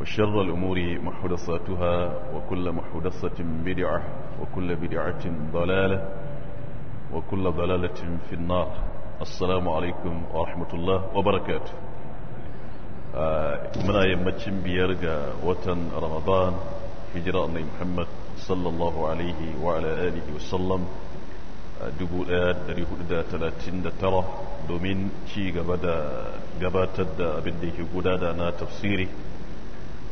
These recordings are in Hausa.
وشر الأمور محدثاتها وكل محدثة بدعة وكل بدعة ضلالة وكل ضلالة في النار السلام عليكم ورحمة الله وبركاته آه، من أيام متشم بيرجى وطن رمضان هجرة النبي محمد صلى الله عليه وعلى آله وسلم آه، دبو الآن دري هدى تلاتين دترة دومين شي غبدا غباتد بده غدادا تفسيري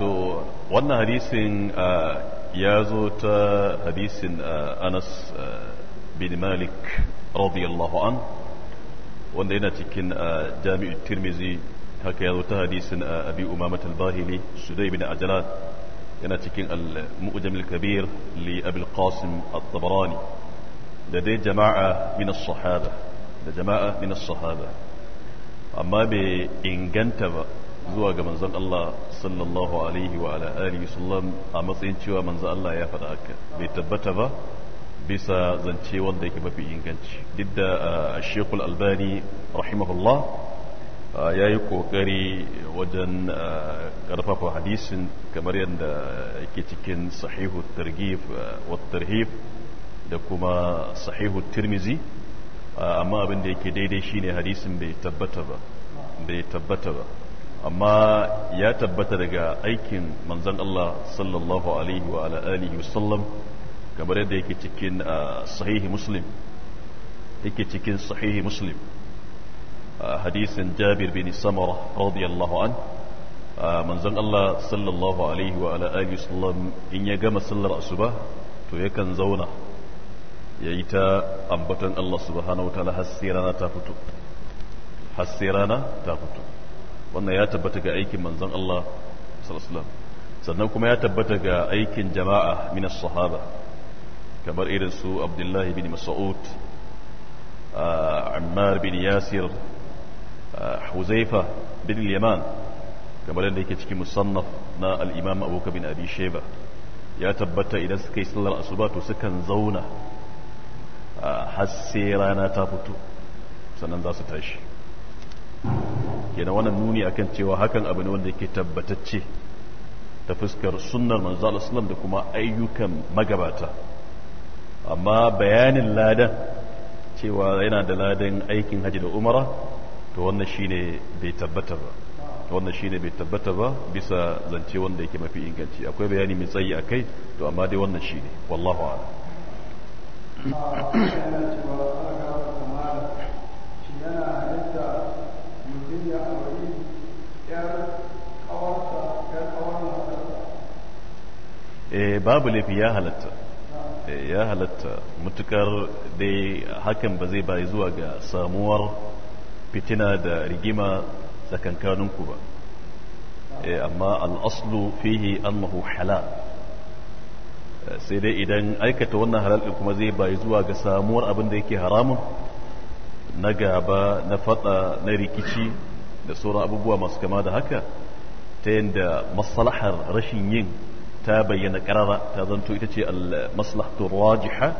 to wannan hadisin ya zo ta hadisin anas bin malik radiyallahu an wanda yana cikin jami'ul tirmizi haka ya zo ta hadisin abi umamat al-bahili sudai bin ajalat yana cikin al-mu'jam al-kabir li abul qasim at-tabarani da dai jama'a min as-sahaba da jama'a min as-sahaba amma bai inganta ba zuwa ga manzon Allah sallallahu alaihi wa ala alihi sallam a matsayin cewa manzon Allah ya faɗa haka bai tabbata ba bisa zance wanda yake mafi inganci duk da ah, Sheikhul Albani rahimahullah ah, ya yi kokari wajen karfafa ah, hadisin kamar yadda yake cikin sahihu targhib wa tarhib da kuma sahihu tirmizi amma abin da yake daidai shine hadisin bai tabbata ba bai tabbata ba amma ya tabbata daga aikin manzon Allah sallallahu alaihi wa ala alihi wasallam kamar yadda yake cikin ah, sahihi muslim yake cikin sahihi muslim ah, hadisin Jabir bin Samara radiyallahu an ah, manzon Allah sallallahu alaihi wa ala alihi wasallam in ya gama sallar asuba to yakan zauna ya yi ta ambaton Allah subhanahu wa ta'ala har ta fito har ta fito wannan ya tabbata ga aikin manzon Allah sallallahu sannan kuma ya tabbata ga aikin jama'a min sahaba kamar irin su Abdullah bin Mas'ud Ammar bin Yasir Huzaifa bin Yaman kamar yadda yake cikin musannaf na al-Imam Abu bin Abi Shayba ya tabbata idan suka yi sallar asuba to sukan zauna har sai rana ta fito sannan za su tashi kenan wannan nuni akan cewa hakan abu ne wanda yake tabbatacce ta fuskar sunnar manzo Allah da kuma ayyukan magabata amma bayanin ladan cewa yana da ladan aikin haji da umara to wannan shine bai tabbata ba wannan shine bai tabbata ba bisa zance wanda yake mafi inganci akwai bayani mai tsayi akai to amma dai wannan shine wallahu a'lam eh babu laifi ya halatta eh, ya halatta mutukar dai hakan ba zai bai zuwa ga samuwar fitina da rigima tsakankaninku ba eh, amma al'aslu fihi annahu halal eh, sai dai idan aikata wannan halal kuma zai bai zuwa ga samuwar abin da yake haramun na gaba na fada na rikici da sauran abubuwa masu kama da haka ta yadda masalahar rashin yin تابين قرارا تظن تؤتي المصلحة الراجحة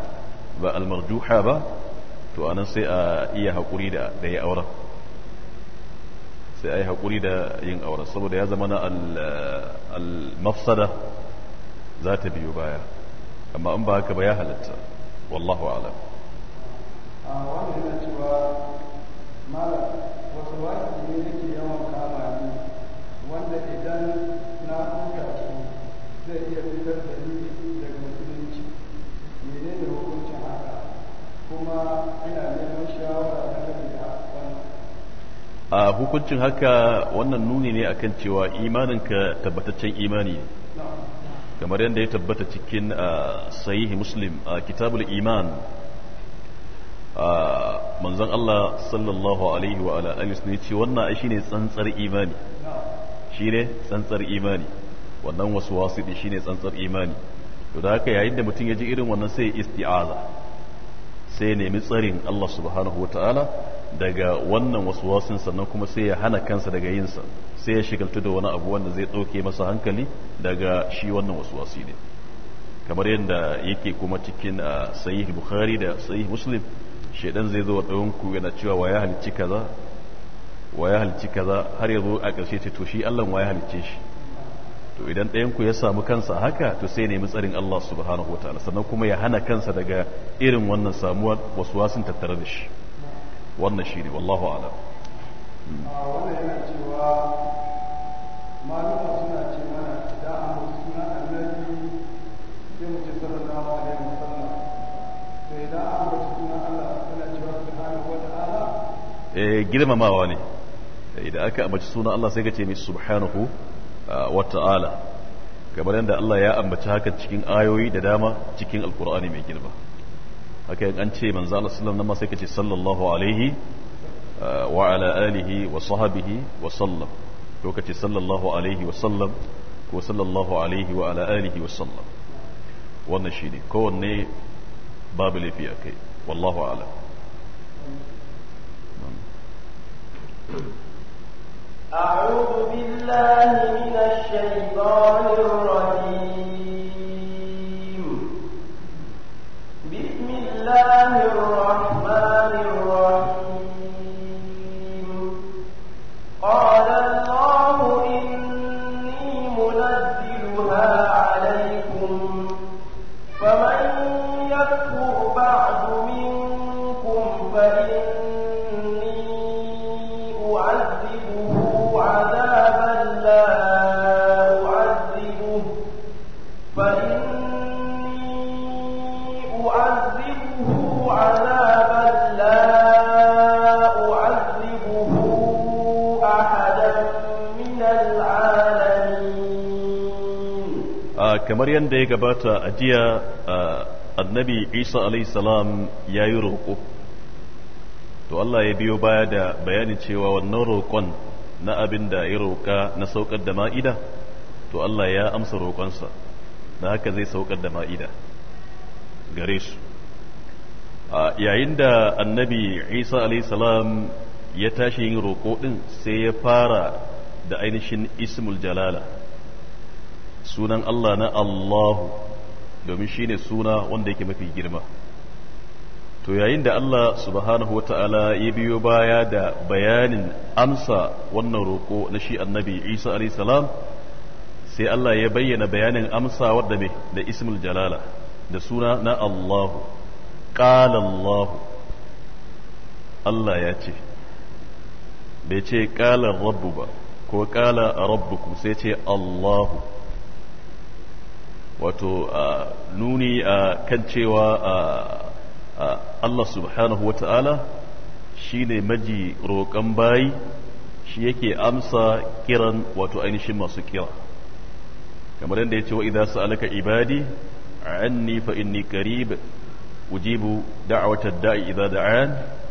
والمرجوحة با تؤنسي إياها قريدا دي أورا سيأيها قريدا ين أورا صبر يا زمن المفسدة ذات بيوبايا أما أم باك بياها لت والله أعلم آه، وأنا أقول لك وسواء يوم كامل وعندنا إذن نعم كأسوه zai iya fitar da ni daga musulunci hukuncin haka kuma ina neman shawara da a hukuncin haka wannan nuni ne akan cewa imaninka tabbataccen imani ne kamar yadda ya tabbata cikin sahihi muslim a kitabul iman manzon Allah sallallahu alaihi wa ala alihi ne ce wannan shi shine tsantsar imani shine tsantsar imani wannan wasu wasu shine tsantsar imani to da haka yayin da mutum ya ji irin wannan sai isti'aza sai nemi tsarin Allah subhanahu wataala daga wannan wasu wasin sannan kuma sai ya hana kansa daga yinsa sai ya shigaltu da wani abu wanda zai ɗauke masa hankali daga shi wannan wasu wasi ne kamar yadda yake kuma cikin ah, sahih bukhari da sahih muslim shaidan zai zo ɗayan yana cewa waya halicci kaza waya halicci kaza har ya zo a ƙarshe ce to shi Allah waya halicce shi to idan ɗayan ku ya samu kansa haka to sai nemi tsarin Allah subhanahu wataala sannan kuma ya hana kansa daga irin wannan samuwar wasu wasun tattare da shi wannan shi ne wallahu alam hmm. wannan eh, girmamawa ne eh, idan aka ambaci suna Allah sai ka ce mai subhanahu Wataala, ta'ala kamar yadda Allah ya ambaci haka cikin ayoyi da dama cikin alkur'ani mai girma haka yin an ce manzo Allah sallallahu alaihi wasallam sai sallallahu alaihi wa ala alihi wa sahbihi wa sallam lokaci sallallahu alaihi wa sallam ko sallallahu alaihi wa ala alihi wa sallam wannan shine kowanne babu laifi akai wallahu a'lam أعوذ بالله ya gabata a jiya annabi isa salam ya yi roƙo to allah ya biyo baya da bayanin cewa wannan roƙon na abin da ya roƙa na saukar da ma'ida to allah ya amsa roƙonsa na haka zai saukar da ma'ida gare su yayin da annabi isa salam ya tashi yin roƙo ɗin sai ya fara da ainihin ismul jalala sunan Allah na Allahu domin shine suna wanda yake mafi girma to yayin da Allah subhanahu wa ta'ala ya biyo baya da bayanin amsa wannan roƙo na shi annabi Isa alayhi sai Allah ya bayyana bayanin amsa wadda me da ismul jalala da suna na Allahu qala Allahu Allah ya ce bai ce qala rabbu ba ko ƙala Rabbu rabbukum sai ce Allahu wato nuni a kan cewa Allah subhanahu wa ta'ala shi ne maji roƙon bayi shi yake amsa kiran wato ainihin masu kira kamar yadda ya ce wa idan sa'alaka ibadi a anni fa inni qarib ujibu da'wata da'i idza da'an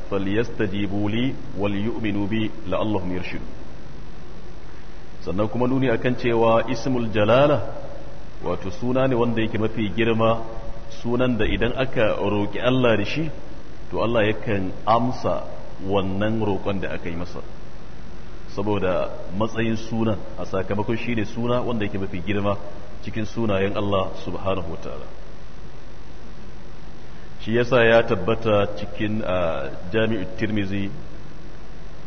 falyastajibu li wal yu'minu bi la'allahum yarshudun sannan kuma nuni akan cewa ismul jalala wato suna ne wanda yake mafi girma sunan da idan aka roƙi Allah da shi to Allah yakan amsa wannan roƙon da aka yi masa saboda matsayin sunan a sakamakon shi ne suna wanda yake mafi girma cikin sunayen Allah subhanahu wa ta'ala shi yasa ya tabbata cikin jami'u tirmizi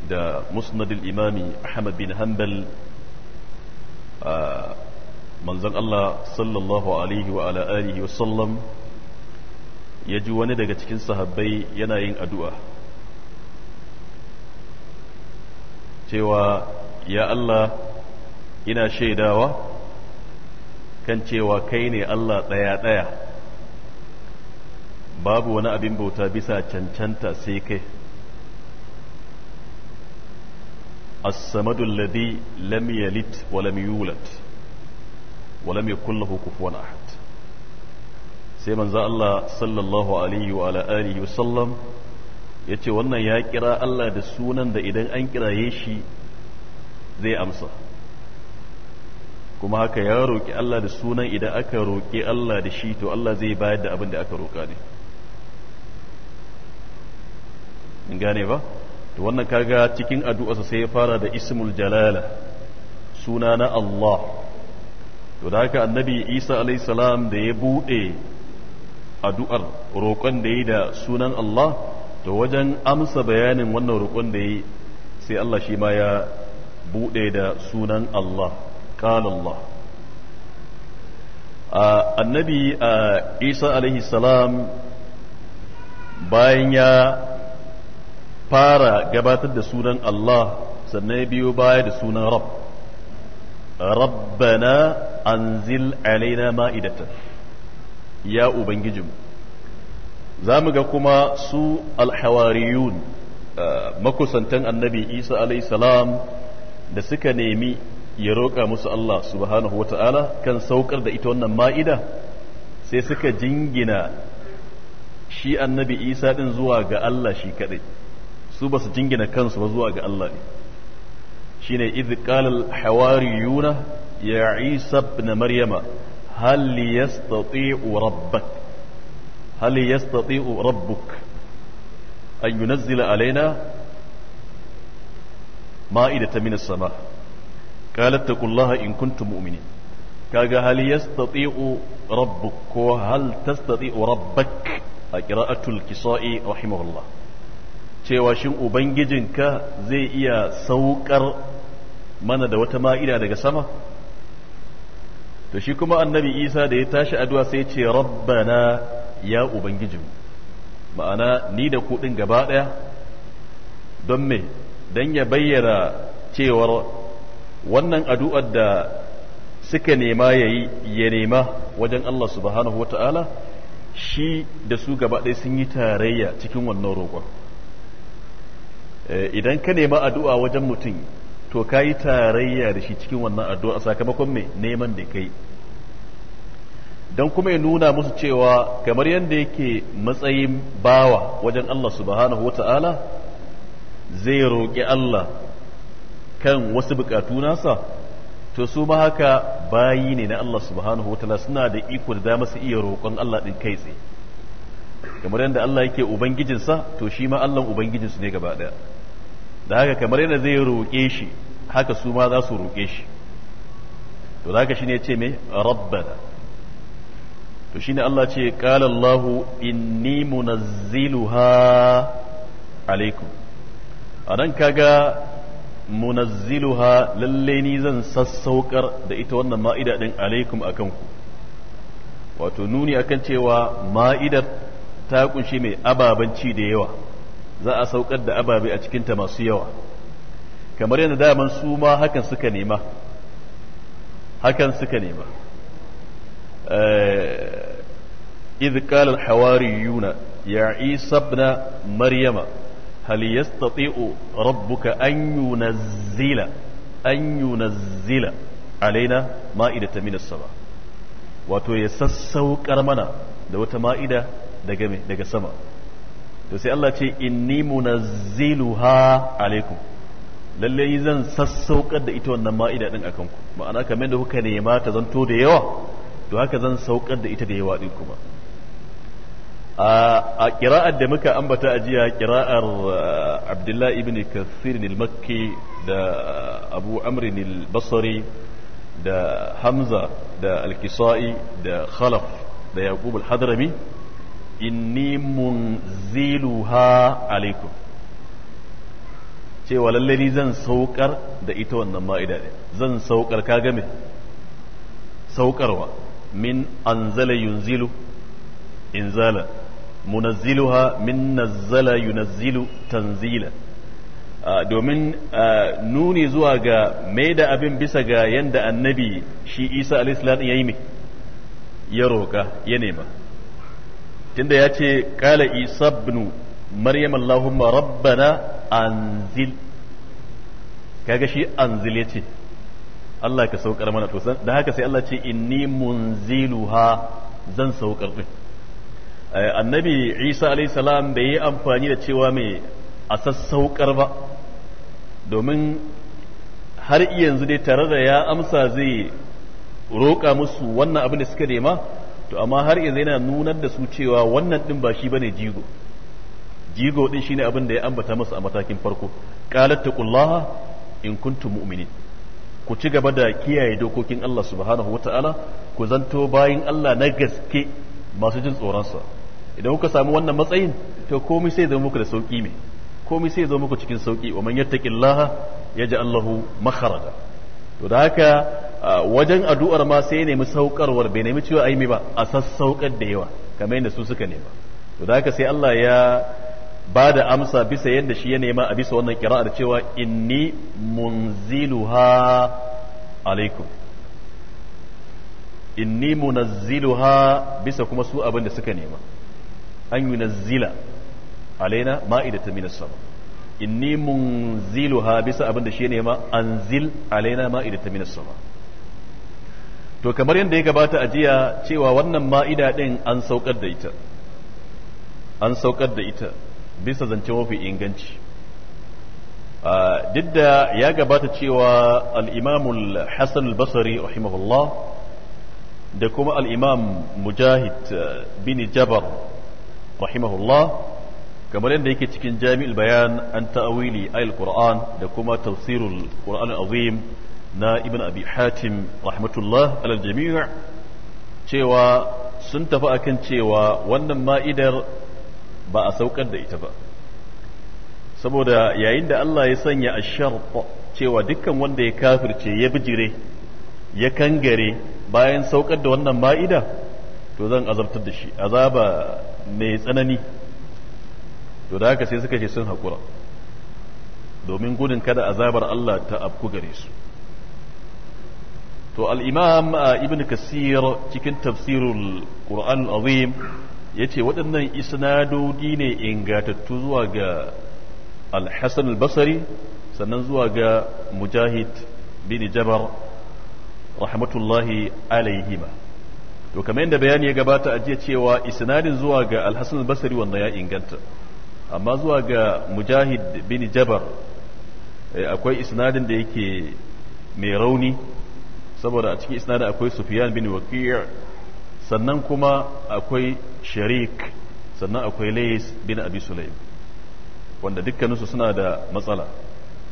da musnadul imami ahmad bin hanbal manzon Allah sallallahu alaihi wa ala alihi wa sallam ya ji wani daga cikin sahabbai yana yin addu'a cewa ya Allah ina shaidawa kan cewa kai ne Allah ɗaya-ɗaya babu wani abin bauta bisa cancanta sai kai as-samadul ladhi lam yalid wa lam yulad walam yakul lahu kufuwan ahad sai manzo Allah sallallahu alaihi wa ala alihi wa sallam yace wannan ya kira Allah da sunan da idan an kiraye shi zai amsa kuma haka ya roƙi Allah da sunan idan aka roƙi Allah da shi to Allah zai bayar da abin da aka roƙa ne in gane ba to wannan kaga cikin addu'arsa sai ya fara da ismul jalala suna na Allah to da haka annabi isa salam da ya buɗe addu'ar roƙon da ya da sunan allah to wajen amsa bayanin wannan roƙon da ya sai allah shi ma ya buɗe da sunan allah قال annabi isa alaihi salam bayan ya fara gabatar da sunan Allah sannan ya biyo baya da sunan rab rabbana anzil alaina ma'idatan ya ubangijin za mu ga kuma su alhawariyun eh, makusantan annabi isa alayhi salam da suka nemi ya roƙa musu Allah subhanahu wa kan saukar da ita wannan ma'ida sai suka jingina shi annabi isa din zuwa ga Allah shi kadai su basu jingina kansu ba zuwa ga Allah ne shine idh qala ya isa na maryama hal yastati'u rabbak hal yastati'u rabbuk an yunazzila alaina ma'idatan min as-sama qalat taqullaha in kuntum mu'minin kaga hal yastati'u rabbuk ko hal tastati'u rabbak a qira'atul kisa'i rahimahullah cewa shin ubangijinka zai iya saukar mana da wata ma'ida daga sama to shi kuma annabi isa da ya tashi addu'a sai ce rabbana ya ubangijinmu ma'ana ni da kuɗin gaba daya don me don ya bayyana cewar wannan addu'ar da suka nema ya yi ya nema wajen Allah subhanahu wa ta'ala shi da su gaba ɗaya sun yi tarayya cikin wannan roƙon eh, idan ka nema addu'a wajen mutum to ka yi tarayya da shi cikin wannan addu'a sakamakon mai neman da kai don kuma ya nuna musu cewa kamar yadda yake matsayin bawa wajen Allah subhanahu wata'ala zai roƙi Allah kan wasu buƙatu nasa to su ma haka bayi ne na Allah subhanahu wata'ala suna da iko da dama su iya roƙon Allah ɗin kai tsaye kamar yadda Allah yake ubangijinsa to shi ma Allah ubangijinsu ne gaba ɗaya da haka kamar yadda zai roƙe shi haka su ma za su roƙe shi to da haka ne ce me rabbana to shi ne Allah ce qala Allahu inni munazziluha alaikum nan kaga munazziluha lalle ni zan sassaukar da ita wannan ma'ida din alaikum akan ku wato nuni akan cewa ma'idar ta kunshi mai ababanci da yawa za a saukar da ababe a cikinta masu yawa kamar yadda daman su ma hakan suka nema hakan suka nema إذ قال الحواريون يا عيسى ابن مريم هل يستطيع ربك أن ينزل أن ينزل علينا مائدة من السماء wato ya sassauƙar mana da wata ma'ida daga sama to sai Allah ce inni munazziluha alaikum lalle zan sassaukar da ita wannan ma'ida din akan ku ma'ana kamar da kuka nema ta zanto da yawa to haka zan saukar da ita da yawa din kuma a kira'ar da muka ambata a jiya kira'ar uh, abdullahi ibn kathir al-makki da uh, abu amr al-basri da hamza da al-kisai da khalaf da yaqub al-hadrami inni mun munziluha alaikum cewa lallari zan saukar da ita wannan ma'ida ne zan saukar ka game saukarwa min anzala yunzilu inzala munazziluha min nazzala yunazzilu tanzila ah, domin ah, nuni zuwa ga mai da abin bisa ga yadda annabi shi isa alaihissalam ya yi ya roka ya nema tunda ya ce kala isa ibn maryam allahumma rabbana anzil kaga shi anzil ya ce. Allah ka saukar mana to da haka sai Allah ce inni munziluha zan saukar din eh, annabi Isa alayhi salam bai yi amfani da cewa mai a sassaukar ba domin har yanzu dai tare da ya amsa zai roƙa musu wannan abin da suka nema to amma har yanzu yana nunar da su cewa wannan din ba shi bane jigo jigo din shine abin da ya ambata masa a matakin farko qalat taqullaha in kuntum mu'minin ku ci gaba da kiyaye dokokin Allah subhanahu wataala ku zanto bayin Allah na gaske masu jin tsoron sa idan kuka samu wannan matsayin to komai sai zama muku da sauki ne komai sai zama muku cikin sauki wa man yattaqillaha yaj'al lahu makhraja to da haka Ah, wajen addu'ar ma sai ne nemi saukarwar bai nemi cewa ai me ba a sassaukar da yawa kamar yadda su suka nema to da haka sai Allah ya ba da amsa bisa yadda shi ya nema a bisa wannan kira'ar cewa inni munziluha alaikum inni munazziluha bisa kuma su abin da suka nema an yunazzila alaina ma'idata minas sama inni munziluha bisa abin da shi ya nema anzil alaina ma'idata minas sama to kamar yadda ya gabata a jiya cewa wannan ma'ida ɗin an saukar da ita an saukar da ita bisa zance mafi inganci duk da ya gabata cewa al'imamul hassan al-basari rahimahullah da kuma al'imam mujahid eh, bin jabar rahimahullah kamar yadda yake cikin jami'ul bayan an ta'awili ayil qur'an da kuma tafsirul qur'an azim na ibn abi hatim rahmatullah alal jami'a cewa sun tafi akan cewa wannan ma'idar ba a saukar da ita ba saboda yayin da Allah ya sanya asharta cewa dukkan wanda ya kafirce ya bijire ya kangare bayan saukar da wannan ma'ida to zan azabtar da shi azaba mai tsanani to da haka sai suka ce sun haƙura domin gudun kada azabar Allah ta afku gare su to al'imam uh, ibn kasir cikin tafsirul ƙur'an azim ya ce waɗannan isnadodi ne ingatattu zuwa ga al-hassan al-basari sannan zuwa ga mujahid bin jabar rahmatullahi alaihima to kamar yadda bayani ya gabata a jiya cewa isnadin zuwa ga al-hassan al-basari wanda ya inganta amma zuwa ga mujahid bin jabar eh, akwai isnadin da yake mai rauni saboda a cikin isnadin akwai Sufyan bin Waqi' sannan kuma akwai Sharik sannan akwai Lays bin Abi Sulaim wanda dukkaninsu suna da matsala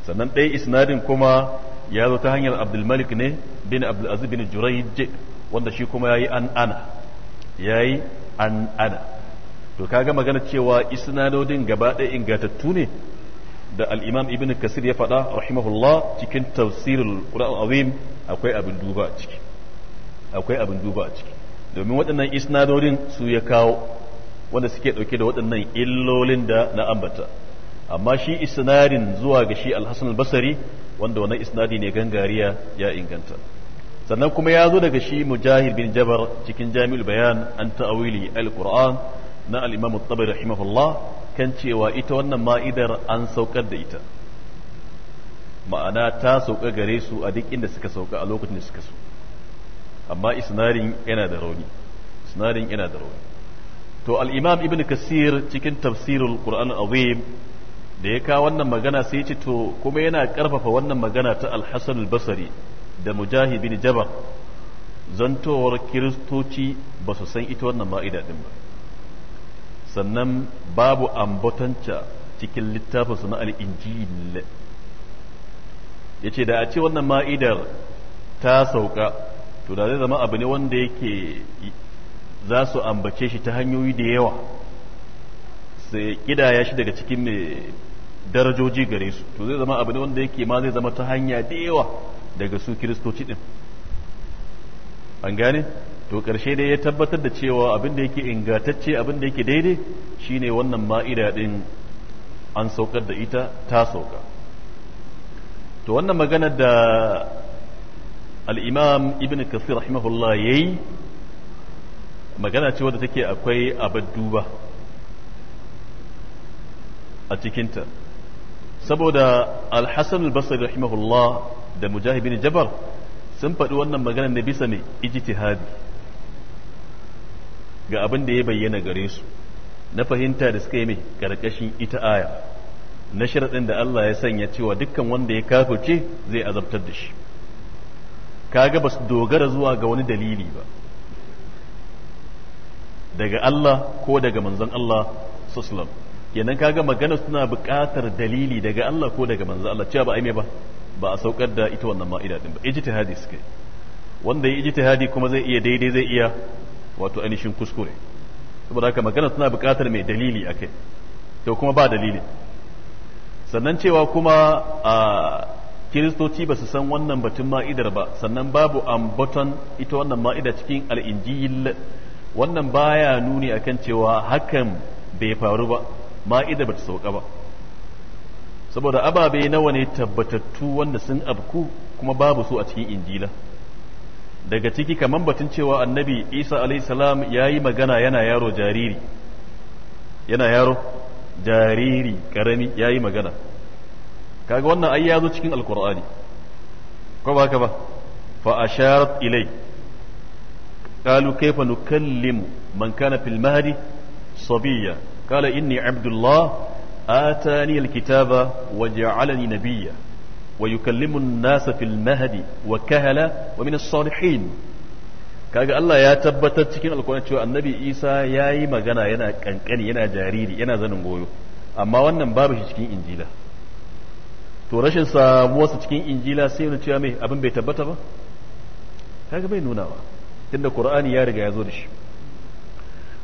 sannan ɗaya isnadin kuma ya zo ta hanyar Abdul Malik ne bin Abdul Aziz bin Jurayj wanda shi kuma yayi an ana yayi an ana to kaga magana cewa isnadodin gaba ɗaya ingantattu ne da al-Imam Ibn Kasir ya faɗa rahimahullah cikin tafsirul Qur'an azim akwai abin duba a ciki akwai abin duba a ciki domin waɗannan isnadorin su ya kawo wanda suke ɗauke da waɗannan illolin da na ambata amma shi isnadin zuwa ga shi alhassan albasari wanda wannan isnadi ne gangariya ya inganta sannan kuma ya zo daga shi mujahid bin jabar cikin jami'ul bayan an ta'awili alquran na al-imam at-tabari rahimahullah kan cewa ita wannan ma'idar an saukar da ita ma'ana ta sauka gare su a duk inda suka sauka a lokacin da suka so amma isnarin yana da rauni isnarin yana da rauni to al-imam ibn kasir cikin tafsirul qur'an azim da ya kawo wannan magana sai ce to kuma yana karfafa wannan magana ta al-hasan al-basri da mujahid bin jabal zantowar kiristoci ba su san ita wannan ma'ida din ba sannan babu ambatanta cikin littafinsu na al-injil ya ce da a ce wannan ma'idar ta sauka to da zai zama abu ne wanda yake za su ambace shi ta hanyoyi da yawa sai kidaya shi daga cikin mai darajoji gare su to zai zama abu ne wanda yake ma zai zama ta hanya da yawa daga su kiristoci din an gane to ƙarshe dai ya tabbatar da cewa abin da yake ingantacce abin da yake daidai shine wannan ma'ida din an saukar da ita ta sauka to wannan magana da al'imam ibn kasir rahimahullah ya yi magana ce wadda take akwai abad duba a cikinta saboda alhassan basri rahimahullah da mujahibin jabar sun faɗi wannan magana ne bisa ne ijtihadi ga abin da ya bayyana gare su na fahimta da suka yi mai ƙarƙashin ita aya na sharaɗin da Allah ya sanya cewa dukkan wanda ya kafirce zai azabtar da shi kaga ba su dogara zuwa ga wani dalili ba daga Allah ko daga manzon Allah sallallahu kenan kaga magana suna buƙatar dalili daga Allah ko daga manzon Allah cewa ba ai me ba ba a saukar da ita wannan ma'ida din ba ijtihadi suke wanda ya ijtihadi kuma zai iya daidai zai iya wato ainihin kuskure saboda haka magana suna buƙatar mai dalili akai to kuma ba dalili sannan cewa kuma a kiristoci ba su san wannan batun ma'idar ba sannan babu ambaton ita wannan ma'ida cikin al'injil wannan baya nuni akan cewa hakan bai faru ba ma'ida ba ta sauka ba saboda ababe nawa ne tabbatattu wanda sun abku kuma babu su a cikin injila daga ciki kamar batun cewa annabi isa salam ya yi magana yana yaro jariri yana yaro jariri karami ya yi magana kaga wannan ai ya zo cikin alkur'ani ko ba ka ba fa asharat ilai قالوا كيف نكلم من كان في المهد صبيا قال إني عبد الله آتاني الكتاب وجعلني نبيا ويكلم الناس في المهد وكهلا ومن الصالحين kaga Allah ya tabbatar cikin alkur'ani cewa annabi Isa ya yi magana yana kankani yana jariri yana zanin goyo amma wannan babu shi cikin injila to rashin samuwarsa cikin injila sai yana cewa mai abin bai tabbata ba kaga bai nuna ba tunda qur'ani ya riga ya zo da shi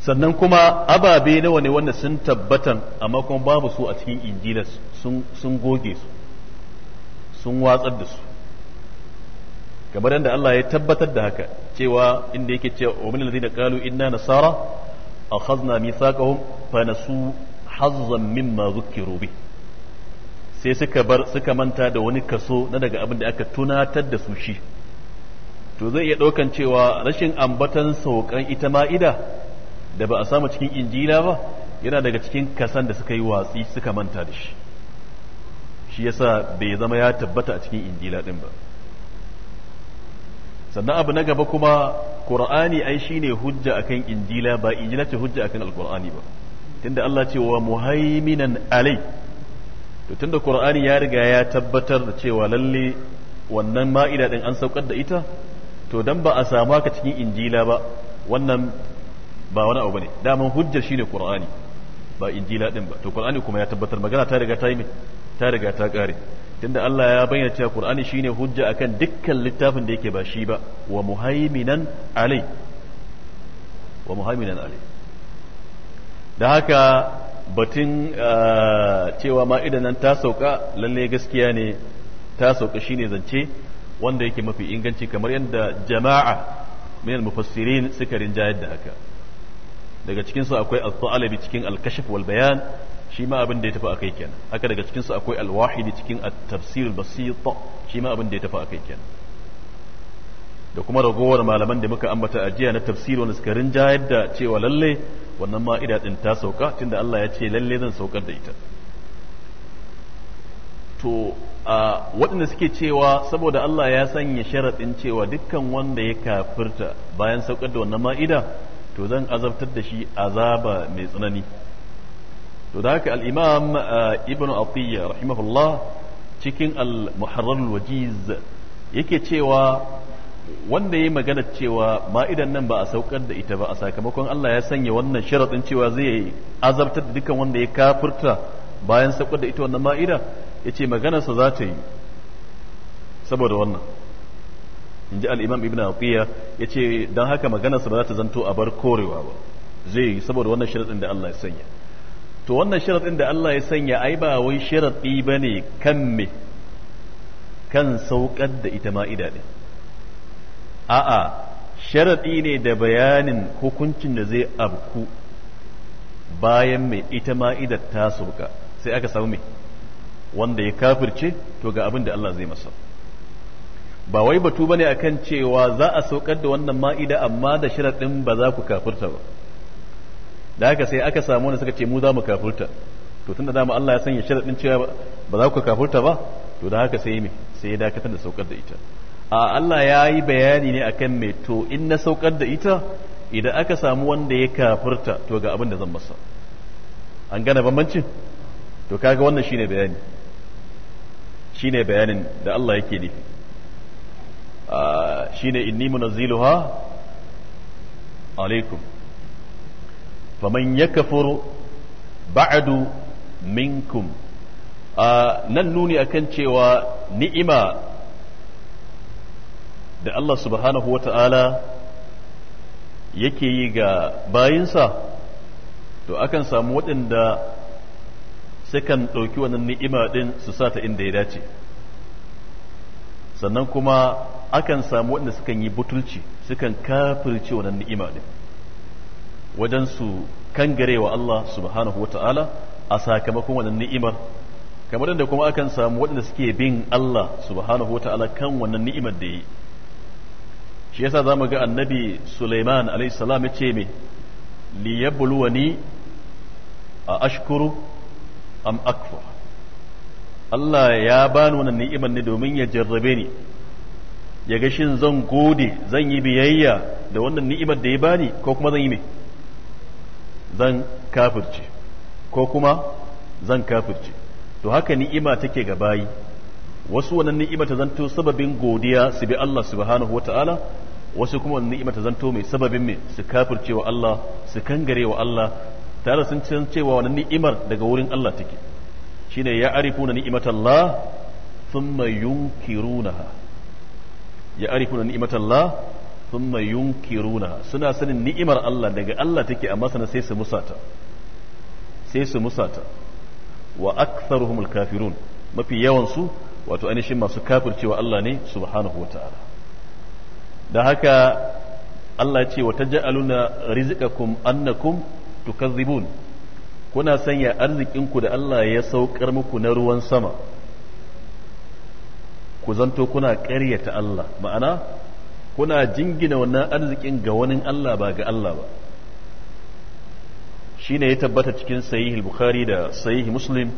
sannan kuma ababe nawa ne wanda sun tabbatan amma kuma babu su a cikin injila sun goge su sun watsar da su kamar yadda Allah ya tabbatar da haka cewa inda yake cewa wa min alladhina qalu inna nasara akhadna mithaqahum fa nasu hazzan mimma zukkiru bi sai suka bar suka manta da wani kaso na daga abin da aka tunatar da su shi to zai iya ɗaukan cewa rashin ambatan saukan ita ma'ida da ba a samu cikin injila ba yana daga cikin kasan da suka yi watsi suka manta da shi shi yasa bai zama ya tabbata a cikin injila ɗin ba sannan abu na gaba kuma qur'ani ai shine hujja akan injila ba injila ce hujja akan alqur'ani ba tunda Allah ce wa muhaiminan alai to tunda qur'ani ya riga ya tabbatar da cewa lalle wannan ma'ida din an saukar da ita to dan ba a samu haka cikin injila ba wannan ba wani abu bane daman hujjar shine qur'ani ba injila din ba to qur'ani kuma ya tabbatar magana ta riga ta yi ta riga ta kare tunda Allah ya bayyana cewa Qur'ani shine hujja akan dukkan littafin da yake ba shi ba wa muhaiminan alai wa muhaiminan alai da haka batun ah, cewa idan nan ta sauka lalle gaskiya ne ta sauka shine zance wanda yake mafi inganci kamar yadda jama'a min mufassirin suka rinjayar da haka daga cikinsu akwai al-ta'alabi cikin al-kashf wal bayan shi ma abin da ya tafi kai kenan haka daga cikinsu akwai alwahidi cikin at-tafsir al shi ma abin da ya tafi kai kenan da kuma ragowar malaman da muka ambata a jiya na tafsir wani suka rinjayar da cewa lalle wannan ma'ida din ta sauka tunda Allah ya ce lalle zan saukar da ita to a waɗanda suke cewa saboda Allah ya sanya sharaɗin cewa dukkan wanda ya kafirta bayan saukar da wannan ma'ida to zan azabtar da shi azaba mai tsanani to da haka al'imam imam eh, ibn atiyya rahimahullah cikin al-muharrar wajiz yake cewa wanda ya magana cewa ma'idan nan ba a saukar da ita ba a sakamakon Allah ya sanya wannan sharaɗin cewa zai azabtar da dukkan wanda ya kafirta bayan saukar da ita wannan ma'ida ya ce maganarsa za ta yi saboda wannan in ji al'imam ibn atiyya ya ce don haka maganarsa ba za ta zanto a bar korewa ba zai yi saboda wannan sharaɗin da Allah ya sanya to wannan sharaɗin da Allah ya sanya ai ba wai sharaɗi ba ne kan me kan saukar da ita ma'ida ne. a'a sharaɗi ne da bayanin hukuncin da zai abku bayan mai ita ma'idar ta sauka sai aka samu me. wanda ya kafirce to ga abin da Allah zai masa ba wai batu bane akan cewa za a saukar da wannan ma'ida amma da sharaɗin ba za ku kafirta ba da haka sai aka samu wanda suka ce mu za mu kafurta to tunda dama Allah ya sanya sharadin cewa ba za ku kafurta ba to da haka sai me sai ya dakatar da saukar da ita a Allah ya yi bayani ne akan me to in na saukar da ita idan aka samu wanda ya kafurta to ga abin da zan masa an gane bambancin to kaga wannan shine bayani shine bayanin da Allah yake nufi shine inni munazziluha alaikum faman yakfuru ba'du minkum nan nuni akan cewa ni'ima da Allah subhanahu wa ta'ala yake yi ga bayinsa to akan samu waɗanda sukan ɗauki wannan ni'ima ɗin su sa ta inda ya dace sannan kuma akan samu waɗanda sukan yi butulci sukan kafirce wannan ni'ima ɗin wajen su wa Allah subhanahu wa ta'ala a sakamakon wannan ni'imar kamar yadda kuma akan samu waɗanda suke bin Allah subhanahu wa ta'ala kan wannan ni'imar da yi shi yasa za mu ga annabi Sulaiman alaihi salam ya ce me li yabluwani a ashkuru am akfur Allah ya bani wannan ni'imar ne domin ya jarrabe ni ya ga shin zan gode zan yi biyayya da wannan ni'imar da ya bani ko kuma zan yi me zan kafirce ko kuma zan kafirce to haka ni'ima take ga bayi wasu wannan ni'ima ta zanto sababin godiya su bi Allah subhanahu ta'ala wasu kuma wannan ni'ima ta zanto mai sababin me su kafirce wa Allah su kangare wa Allah tare sun san cewa wannan ni'imar daga wurin Allah take shine ya arifuna ni'imatallah thumma yunkirunaha ya arifuna ni'imatallah thumma yunkiruna suna sanin ni'imar Allah daga Allah take a sana sai su musata sai su musata wa aktharuhumul kafirun mafi yawan su wato ainihin masu kafircewa Allah ne subhanahu wata'ala da haka Allah ya ce wa taj'aluna rizqakum annakum tukazzibun kuna sanya arzikinku da Allah ya saukar muku na ruwan sama ku zanto kuna ƙaryata Allah ma'ana kuna jingina wannan arzikin ga wani Allah ba ga Allah ba shine ya tabbata cikin sahihul bukhari da sahih muslim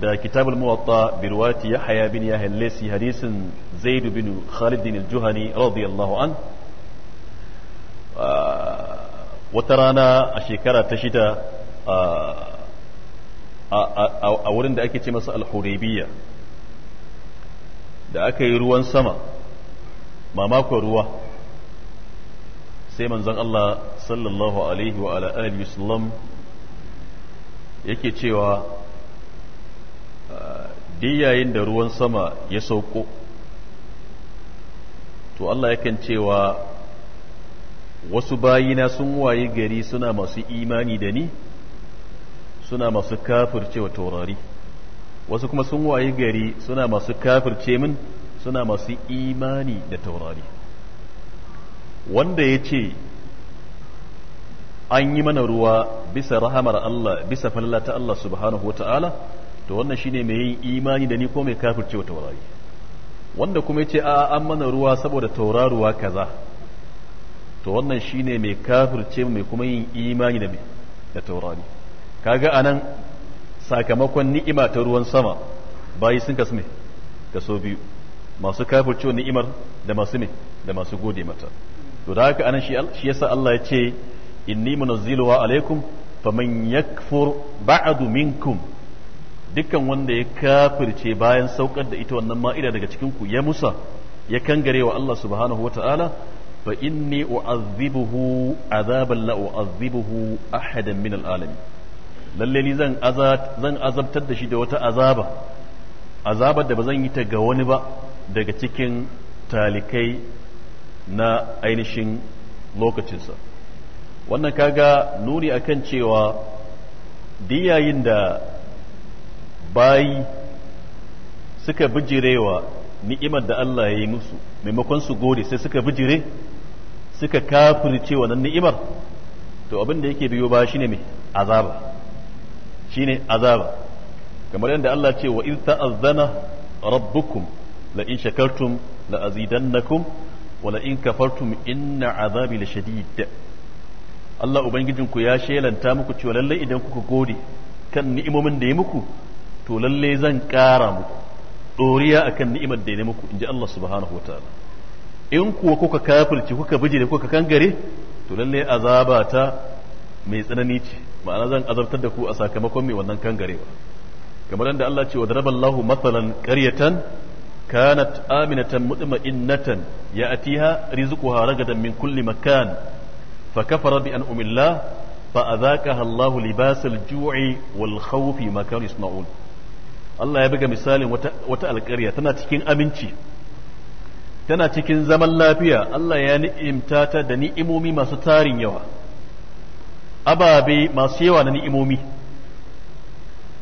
da kitabul muwatta bi riwayati yahya bin yahya al-lisi hadisin zaid bin khalid bin al-juhani radiyallahu an ah, wata rana a shekara ta shida ah, a wurin da ake ce masa al da aka yi ruwan sama mamakon ruwa sai manzon Allah sallallahu alaihi wa ala alihi yake cewa ah, yayin da ruwan sama ya sauko to Allah yakan cewa wasu bayina sun waye gari suna masu imani da ni suna masu kafircewa taurari wasu kuma sun waye gari suna masu kafirce min suna masu imani da taurari wanda ya ce an yi mana ruwa bisa rahamar Allah bisa falala ta Allah subhanahu wa ta'ala to wannan shine mai yin imani da ni ko mai kafirce wa taurari wanda kuma ya ce a an mana ruwa saboda tauraruwa kaza to wannan shine mai kafirce mai kuma yin imani da mai da taurari kaga anan sakamakon ni'ima ta ruwan sama bayi sun kasu mai kaso biyu masu kafircewa ni'imar da masu ne da masu gode mata to da haka anan shi yasa Allah ya ce inni munazziluha alaikum faman yakfur ba'du minkum dukkan wanda ya kafirce bayan saukar da ita wannan ma'ida daga cikin ku ya musa ya kangare wa Allah subhanahu wata'ala fa inni u'azzibuhu azaban la u'azzibuhu ahadan min al'alamin lalle ni zan zan azabtar da shi da wata azaba azabar da ba zan yi ta ga wani ba daga cikin talikai na ainihin lokacinsa wannan kaga nuni a kan cewa diyayin da bayi suka bijirewa ni'imar da Allah ya yi musu maimakon su gode sai suka bijire suka wa nan ni'imar to abin da yake biyo ba shine mai azaba ne azaba kamar yadda Allah ce wa iz ta'azzana rabbukum la in shakartum la azidannakum wa la in kafartum inna azabi lashadid Allah ubangijin ku ya shelanta muku cewa lallai idan kuka gode kan ni'imomin da ya muku to lallai zan ƙara muku a kan ni'imar da ya muku inji Allah subhanahu wataala in kuwa kuka kafirci kuka bijire kuka kangare to lallai azaba ta mai tsanani ce ma'ana zan azabtar da ku a sakamakon mai wannan kangarewa kamar yadda Allah ce wa daraballahu mathalan qaryatan كانت آمنة مطمئنة يأتيها رزقها رغدا من كل مكان فكفر بأنعم الله فأذاقها الله لباس الجوع والخوف ما كانوا يصنعون الله يبقى مثال وتا القرية تنا تكين أمنتي تنا تكين زمن لابيا الله يعني امتاتا دني إمومي ما ستارين يوا أبابي ما سيوا نني إمومي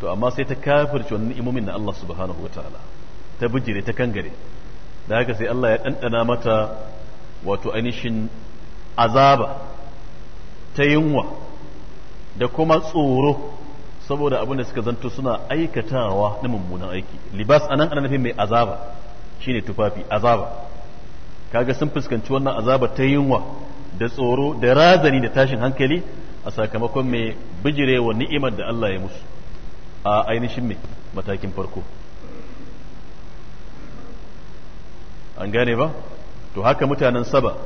تو أما سيتكافر شو نني إمومي الله سبحانه وتعالى ta bijire ta kangare da haka sai Allah ya ɗanɗana mata wato ainihin azaba ta yunwa da kuma tsoro saboda abin da suka zanto suna aikatawa na mummunan aiki libas anan ana nufin mai azaba shine tufafi azaba kaga sun fuskanci wannan azaba ta yunwa da tsoro da razani da tashin hankali a sakamakon mai bijirewa ni'imar da Allah ya musu a ainihin mai matakin farko an gane ba to haka mutanen saba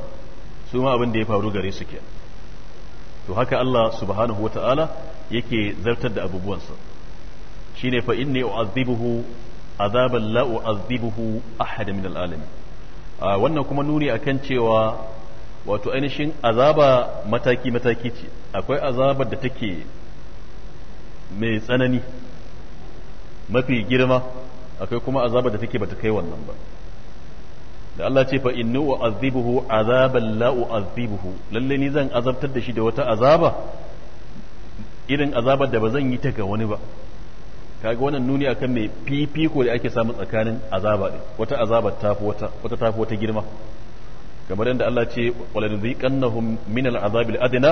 su ma abin da ya faru gare su ke to haka Allah subhanahu wa ta'ala yake zartar da abubuwansa shi ne fa'in ne u'azzibuhu azaban la u'azzibuhu ahada min al'alami wannan kuma nuni akan cewa wato ainihin azaba mataki-mataki ce akwai azabar da take mai tsanani mafi girma akwai kuma azabar da take bata kai wannan ba da Allah ce fa inni u'azzibuhu azaban la u'azzibuhu lalle ni zan azabtar da shi da wata azaba irin azabar da ba zan yi ta ga wani ba kaga wannan nuni akan mai fifiko da ake samu tsakanin azaba din wata azabar tafi wata wata tafi wata girma kamar yadda Allah ce walanziqannahum min al'azabil adna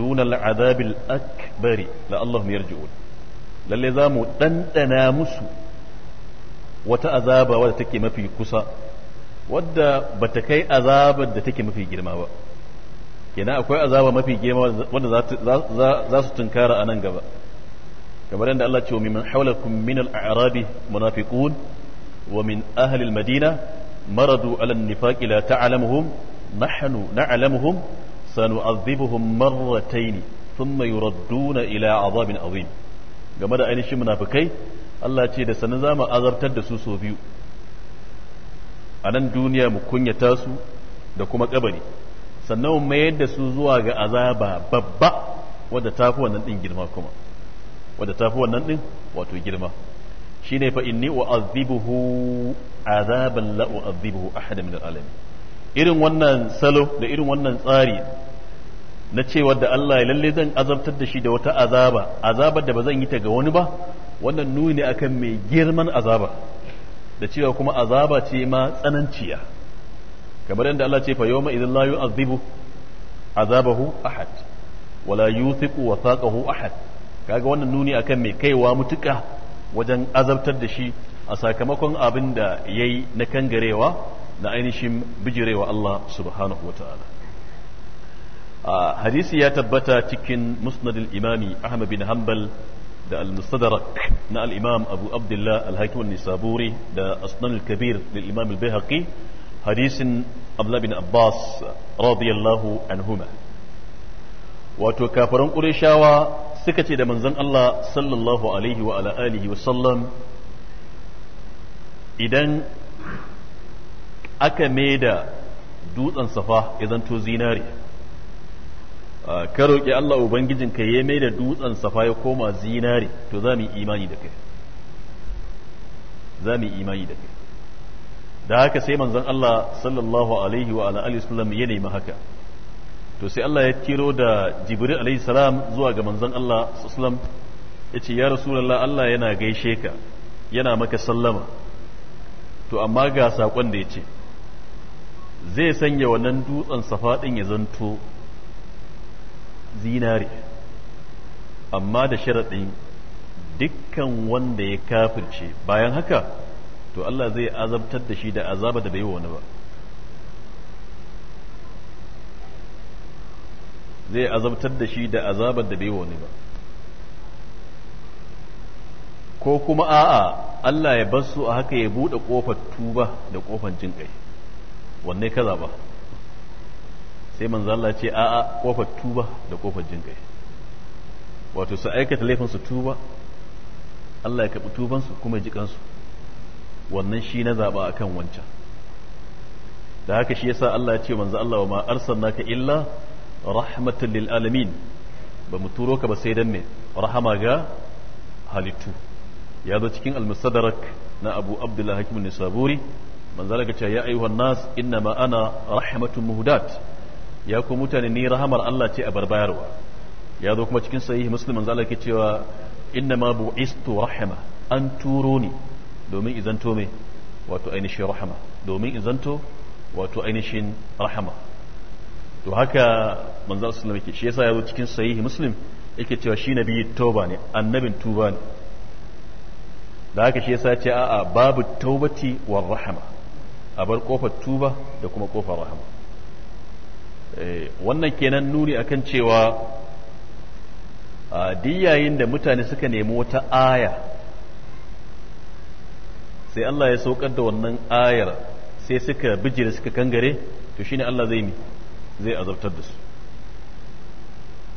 duna al'azabil akbari la'allahum yarji'un lalle mu dandana musu wata azaba wadda take mafi kusa wadda ba ta kai azabar da take mafi girma ba kenan akwai azaba mafi girma wadda za su tunkara a nan gaba kamar yadda Allah ce wa min hawlakum min al-a'rabi munafiqun wa min ahli al-madina maradu ala an-nifaq la ta'lamuhum nahnu na'lamuhum sanu'adhibuhum marratayn thumma yuradduna ila 'adabin 'azim game da ainihin munafikai Allah ce da sanin zamu azabtar da su so biyu a nan duniya mu kunyata su da kuma kabari sannan mu mayar da su zuwa ga azaba babba wadda ta fi wannan din girma kuma wadda ta fi wannan din wato girma shine fa inni azibuhu azaban la azibuhu ahada min irin wannan salo da irin wannan tsari na cewa da Allah ya lalle zan azabtar da shi da wata azaba azabar da ba zan yi ta ga wani ba wannan nuni akan mai girman azaba da cewa kuma azaba ce ma tsananciya kamar yadda Allah ce fa yawma idan la yu'adhibu azabahu ahad wala yuthiqu wathaqahu ahad kaga wannan nuni akan mai kaiwa mutuka wajen azabtar da shi a sakamakon abin da yayi na kangarewa na ainihin bijirewa Allah subhanahu wataala hadisi ya tabbata cikin musnadul imami Ahmad bin Hanbal da al-mustadrak na al-imam abu abdullah al-hakim al-nisaburi da asnan al-kabir lil imam al-bayhaqi hadisin abdullah bin abbas radiyallahu anhuma wato kafaran qurayshawa suka ce da manzon Allah sallallahu alaihi wa ala alihi wa sallam idan aka maida dutsen safa ya zanto zinariya Ah, ka roƙi Allah ubangijin ka ya mai da dutsen safa ya koma zinare to za mu yi imani da kai za mu yi imani da kai da haka sai manzon Allah sallallahu alaihi wa ala alihi sallam ya nemi haka to sai Allah ya tiro da Jibril alaihi salam zuwa ga manzon Allah Sallam. ya ce ya rasulullah Allah yana gaishe ka yana maka sallama to amma ga sakon da ya ce zai sanya wannan dutsen safa din ya zanto zinari amma da sharaɗin dukkan wanda ya kafirce bayan haka to Allah zai azabtar da shi da azaba da bai wa wani ba zai azabtar da shi da azaba da bai wa wani ba ko kuma a'a Allah ya bar su a haka ya buɗe ƙofar tuba da ƙofar jin wanne ka zaba ba sai manzo Allah ce a'a kofar tuba da kofar jin kai wato su aikata laifin su tuba Allah ya kaɓi tubansu kuma ji kansu wannan shi na zaɓa a kan wancan da haka shi yasa Allah ya ce manzo Allah wa ma arsalna ka illa rahmatan lil alamin ba mu turo ka ba sai dan me rahama ga halittu ya zo cikin al-mustadrak na Abu Abdullah Hakim an-Nisaburi manzo Allah ya ce ya ayyuhan nas inna ma ana rahmatun muhdat ya ku mutane ni rahamar Allah ce a barbayarwa ya zo kuma cikin sahihi muslim manzo Allah ke cewa inna ma bu'istu rahama an turo ni domin izanto me wato ainihin rahama domin izanto wato ainihin rahama to haka manzo Allah sallallahu alaihi wasallam shi yasa ya zo cikin sahihi muslim yake cewa shi nabi tauba ne annabin tuba ne da haka shi yasa ce a'a babu taubati war rahama a bar kofar tuba da kuma kofar rahama Eh, wannan kenan nuni akan cewa ah, diyayin da mutane suka nemi wata aya sai Allah ya saukar da wannan ayar sai suka bijira suka kangare to shine Allah zai zai azabtar da su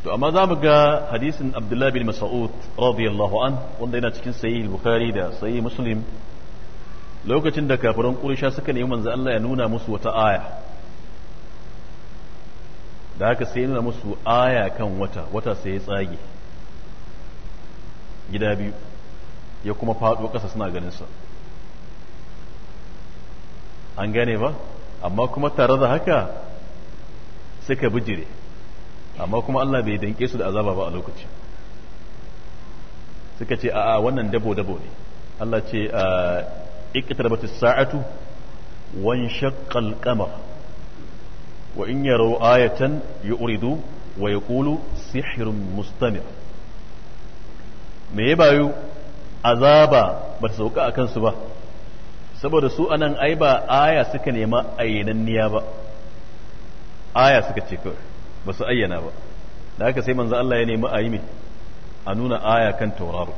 to amma za mu ga hadisin Abdullah bin Mas'ud radiyallahu an wanda yana cikin sahih Bukhari da sahih Muslim lokacin da kafiran Quraysh suka nemi manzo Allah ya nuna musu wata aya da haka sai nuna musu aya kan wata wata sai ya tsage gida biyu ya kuma faɗo ƙasa suna ganinsa an gane ba amma kuma tare da haka suka bijire amma kuma Allah bai danke su da azaba ba a lokaci suka ce a'a wannan dabo-dabo ne Allah ce a ah, ikitar sa'atu wan shakkal kamar wa in yaro ayatan yu'ridu wa yaqulu sihrun mustamir me ya bayu azaba ba ta sauka a kansu ba saboda su anan ai ba aya suka nema ayyananniya ba aya suka ce kawai ba su ayyana ba da haka sai manzo Allah ya nemi a yi a nuna aya kan tauraro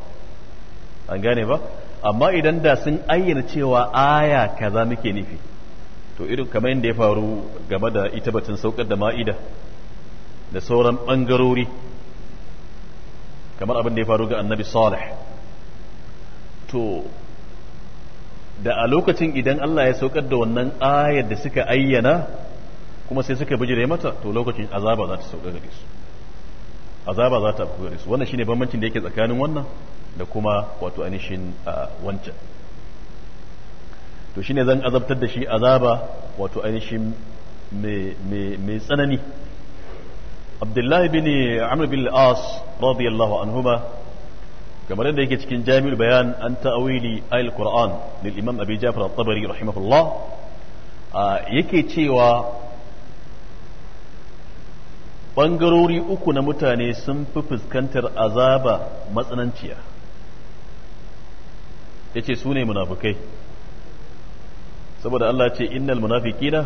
an gane ba amma idan da sun ayyana cewa aya kaza muke nufi to irin kamar yadda ya faru game da ita batun saukar da ma'ida da sauran ɓangarori kamar abin da ya faru ga annabi salih to da a lokacin idan Allah ya saukar da wannan ayar da suka ayyana kuma sai suka bijire mata to lokacin azaba za ta sauka gare su azaba za ta sauka gare su wannan shine bambancin da yake tsakanin wannan da kuma wato ainihin ah, wancan to shine zan azabtar da shi azaba wato ainihin mai tsanani abdullahi bin amr bin as radiyallahu anhuma kamar yadda yake cikin jami'ul bayan an ta'awili ayil qur'an lil imam abi jafar at-tabari rahimahullah yake cewa bangarori uku na mutane sun fi fuskantar azaba matsananciya yace su ne munafukai saboda Allah ce innal munafiqina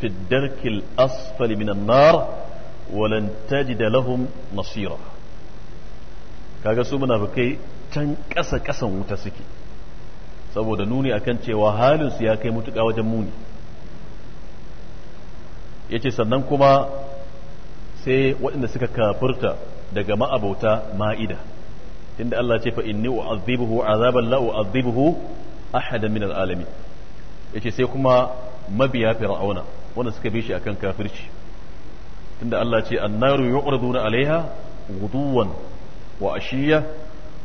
fi darkil asfali minan nar walan tajida lahum nasira kaga su munafikai can ƙasa ƙasan wuta suke saboda nuni akan cewa halin su ya kai mutuƙa wajen muni yace sannan kuma sai waɗanda suka kafirta daga ma'abauta ma'ida tinda Allah ce fa inni u'adhibuhu azaban la u'adhibuhu ahadan min alamin. yace sai kuma mabiya fir'auna wanda suka bi shi akan kafirci tunda Allah ce annaru yu'raduna alaiha guduwan wa ashiya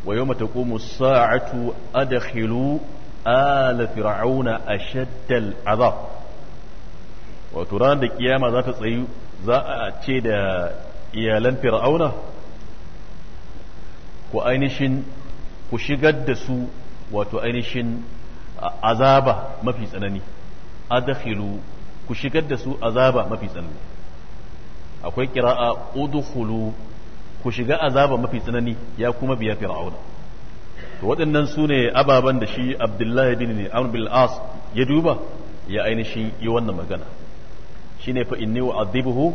wa yawma taqumu as-sa'atu adkhilu ala fir'auna ashadda al-'adab wato ran da kiyama za ta tsayu za a ce da iyalan fir'auna ku ainihin ku shigar da su wato ainihin azaba mafi tsanani adakhilu ku shigar da su azaba mafi tsanani akwai kira'a udkhulu ku shiga azaba mafi tsanani ya kuma biya fir'auna to waɗannan su ne ababen da shi abdullahi bin amr bil as ya duba ya ainihin yi wannan magana shine fa inni u'adhibuhu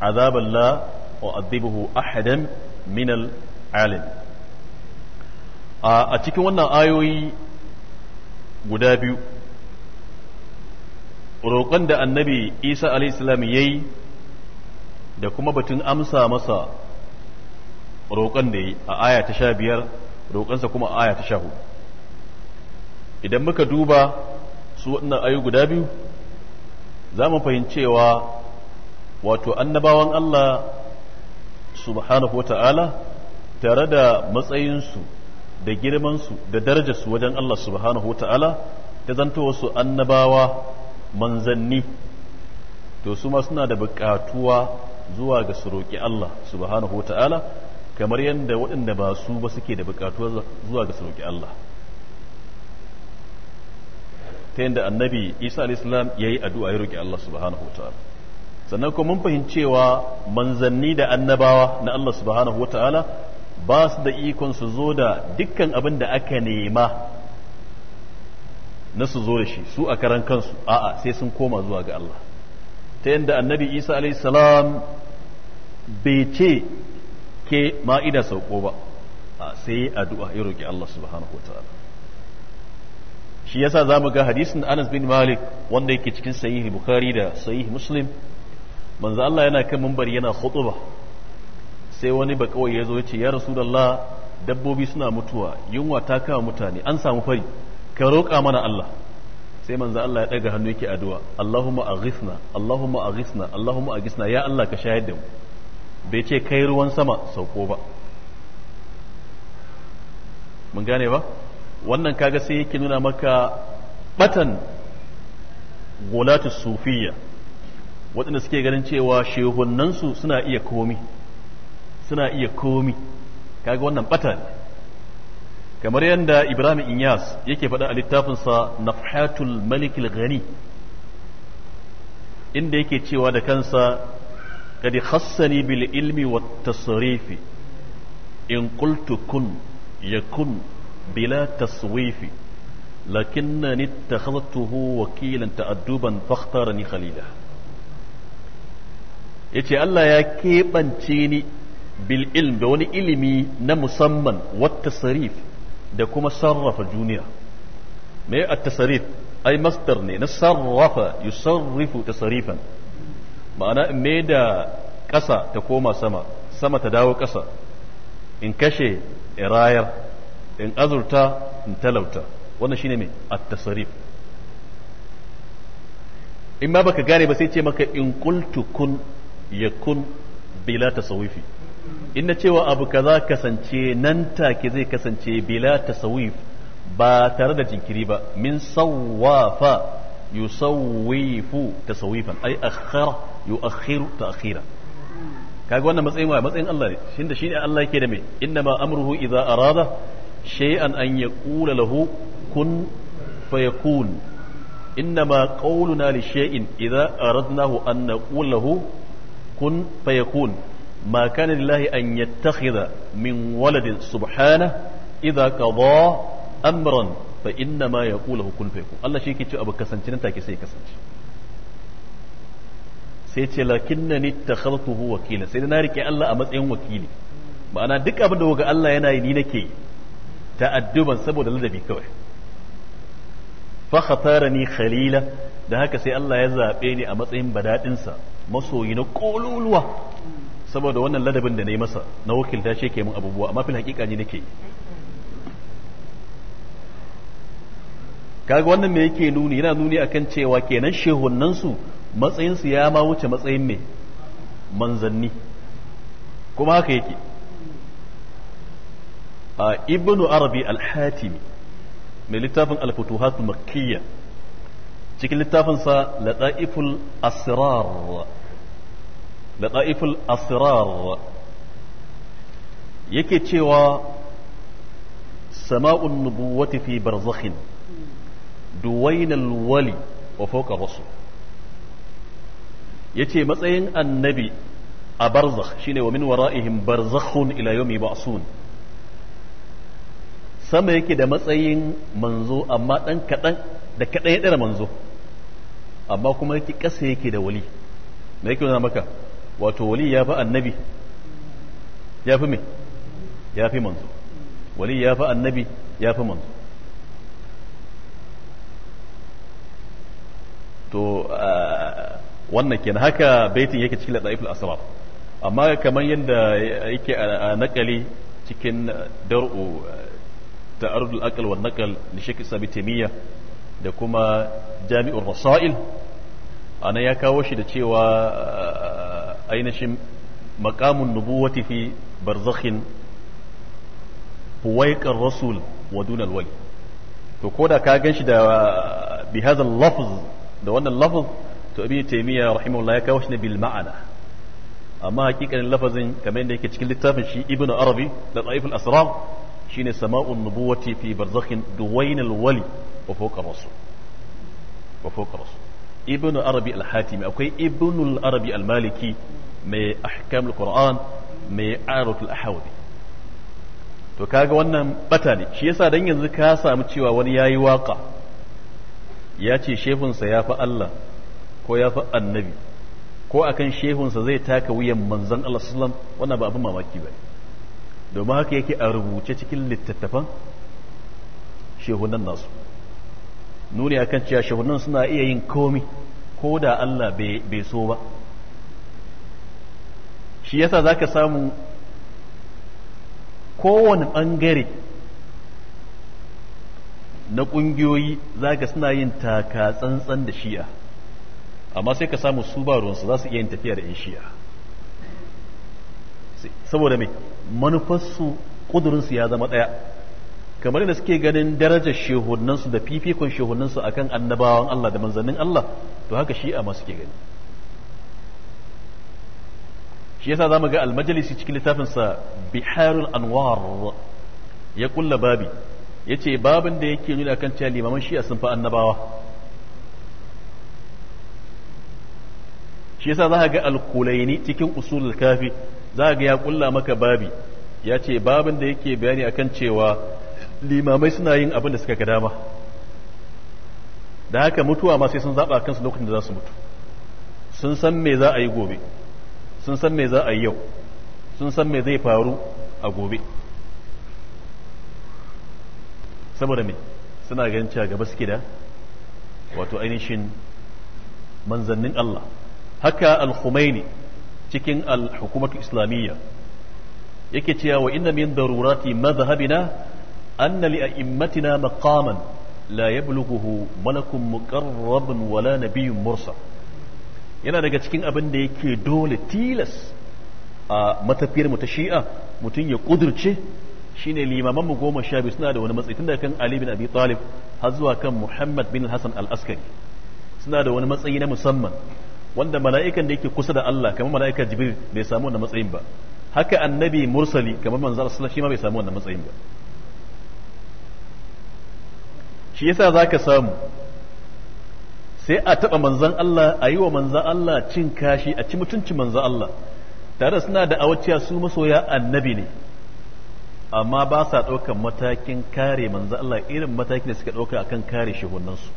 azaban la u'adhibuhu ahadan min al alim a cikin wannan ayoyi guda biyu roƙon da annabi isa alaihissalam ya yi da kuma batun amsa masa roƙon da yi a aya ta sha biyar roƙonsa kuma a aya ta sha hudu idan muka duba su waɗannan ayu guda biyu za mu fahimcewa wato annabawan allah subhanahu wa ta'ala tare da matsayinsu da girmansu da darajarsu wajen Allah subhanahu ta'ala ta zanto wasu annabawa manzanni to su ma suna da buƙatuwa zuwa ga su roƙi Allah subhanahu ta'ala kamar yadda waɗanda ba su ba suke da buƙatuwa zuwa ga su roƙi Allah ta yadda annabi isa alaihissalam ya yi addu'a ya roƙi Allah subhanahu ta'ala sannan kuma mun fahimcewa manzanni da annabawa na Allah subhanahu ta'ala ba su da ikon su zo da dukkan abin da aka nema na su zo da shi su a karan kansu a'a sai sun koma zuwa ga Allah ta yadda annabi isa salam bai ce ke ma'ida sauko ba a sai addu'a ya roƙi Allah subhanahu wa ta'ala shi yasa za mu ga hadisin Anas bin Malik wanda yake cikin sahih Bukhari da sahih Muslim manzo Allah yana kan mambari yana khutuba sai wani ba kawai ya zo ya ce ya rasu rasulullah dabbobi suna mutuwa yunwa ta kama mutane an samu fari ka roƙa mana Allah sai manzo Allah ya ɗaga hannu yake addu'a Allahumma aghithna Allahumma aghithna Allahumma aghithna ya Allah ka shayar da mu bai ce kai ruwan sama sauko ba mun gane ba wannan kaga sai yake nuna maka batan gulatus sufiyya waɗanda suke ganin cewa shehunansu suna iya komi suna iya komi kaga wannan bata ne kamar yadda ibrahim inyas yake faɗa a littafinsa nafhatul malikil ghani inda yake cewa da kansa kad khassani bil ilmi wat in qultu yakun bila taswifi lakinnani ittakhadtuhu ta'adduban fakhtarani yace Allah ya keɓance ni bil ilm da wani ilimi na musamman wata sarif da kuma sarrafa duniya me a tasarif ai mastar ne na sarrafa yusarrifu tasarifan ma'ana in me da ƙasa ta koma sama sama ta dawo ƙasa in kashe irayar in azurta in talauta wannan shine me at tasarif in ma baka gane ba sai ce maka in kultu kun yakun bila tasawifi in na cewa abu za kasance nan take zai kasance bila tasawif ba tare da jinkiri ba min sawwafa yusawwifu tasawifan ai akhara yuakhiru ta'khira kaga wannan matsayin wa matsayin Allah ne shin da ne Allah yake da me inna ma amruhu idza arada shay'an an yaqula lahu kun fayakun inna ma qawluna li shay'in idza aradnahu an naqula lahu kun fayakun ما كان لله أن يتخذ من ولد سبحانه إذا قضى أمرا فإنما يقول له كن فيكون الله شيء كتير أبو كسن تنتا كسي كسن سيتي لكنني اتخذته وكيلا سيدنا ركي الله أمسئين وكيلي ma'ana duk abin da waga Allah yana yi ni nake ta'adduban saboda ladabi kawai fa ni khalila da haka sai Allah ya zaɓe ni a matsayin badaɗinsa masoyina na saboda wannan ladabin da na yi masa na wakilta shi ke mun abubuwa amma fil hakika ni nake kaga wannan me yake nuni yana nuni akan cewa kenan shehunan su matsayin ya ma wuce matsayin me manzanni kuma haka yake a ibnu arabi al-hatimi mai littafin al-futuhat makkiyya cikin littafinsa lada'iful asrar da ɗa'iful asirar yake cewa sama'un nubuwati fi barzakhin duwainal wali wa fauka rasu ya ce matsayin annabi a barzakh shine wa min wara'ihim barzakhun ila yawmi ba'sun sama yake da matsayin manzo amma ɗan kaɗan da kaɗan ya ɗara manzo amma kuma yake ƙasa yake da wali me yake nuna maka wato wali ya fi annabi ya fi mai ya fi manzo wali ya fi annabi ya fi manzo to wannan kenan haka baitin yake cikin ladaiful asrar amma kamar yadda yake a nakali cikin dar'u ta ta'arudul wa wal naqal li shaykh sabitimiyya da kuma jami'ur rasail ana ya kawo shi da cewa ainihin makamun nubuwati fi barzakhin fuwaiqar rasul wa dunal wali to koda ka gan shi da bi hadha lafz da wannan lafz to ibn taymiya rahimahullah ya kawo shi ne bil ma'ana amma hakikanin lafazin kamar yadda yake cikin littafin shi ibn arabi da da'if al asrar shine sama'un nubuwati fi barzakhin duwayn al wali wa fawqa rasul wa fawqa rasul ibn arabi al hatimi akwai ibn al arabi al maliki mai ahkamul qur'an mai aratul ahawdi to kaga wannan bata ne shi yasa dan yanzu ka samu cewa wani yayi waka ya ce shehunsa ya fi Allah ko ya annabi ko akan shehunsa zai taka wuyan manzon Allah sallam wannan ba abin mamaki ba domin haka yake a rubuce cikin littattafan shehunan nasu nuni akan cewa shehunan suna iya yin komi ko da Allah bai so ba shi yasa ka samu kowane ɓangare na ƙungiyoyi ka suna yin taka tsantsan da shi'a amma sai ka samu su ba ruwansu za su iya yin tafiya da 'yan shi'a saboda mai manufarsu ƙudurinsu ya zama ɗaya kamar da suke ganin darajar shehunansu da fifikon shehunansu akan annabawan Allah da manzannin Allah to haka shi'a masu ke gani shi yasa zamu ga almajalisi cikin littafin sa biharul anwar ya kulla babi yace babin da yake nuna kan cewa limaman shi'a sun fa annabawa shi yasa zaka ga alkulaini cikin usulul kafi zaka ga ya kulla maka babi ya ce babin da yake bayani akan cewa limamai suna yin abin da suka ga dama da haka mutuwa ma sai sun zaba kansu lokacin da za su mutu sun san me za a yi gobe sun san me za a yi yau sun san me zai faru a gobe saboda me suna ganin cewa gaba suke da wato ainihin manzannin Allah haka al-Khumaini cikin al-hukumatu islamiyya yake cewa wa inna min darurati madhhabina anna li a'immatina maqaman la yablughuhu malakun muqarrabun wala nabiyyun mursal yana daga cikin abin da yake dole tilas a matafiyar mu ta shi'a mutum ya kudurce shine limaman mu goma sha biyu suna da wani matsayi tun kan Ali bin Abi Talib har zuwa kan Muhammad bin Hassan al-Askari suna da wani matsayi na musamman wanda mala'ikan da yake kusa da Allah kamar mala'ika Jibril bai samu wannan matsayin ba haka annabi mursali kamar manzo Allah sallallahu alaihi wasallam bai samu wannan matsayin ba shi yasa zaka samu sai a taɓa manzan Allah a yi wa manzan Allah cin kashi a ci mutuncin manzan Allah tare suna da awaciya su masoya annabi ne amma ba sa ɗaukar matakin kare manzan Allah irin matakin da suka ɗauka a kan kare shehunansu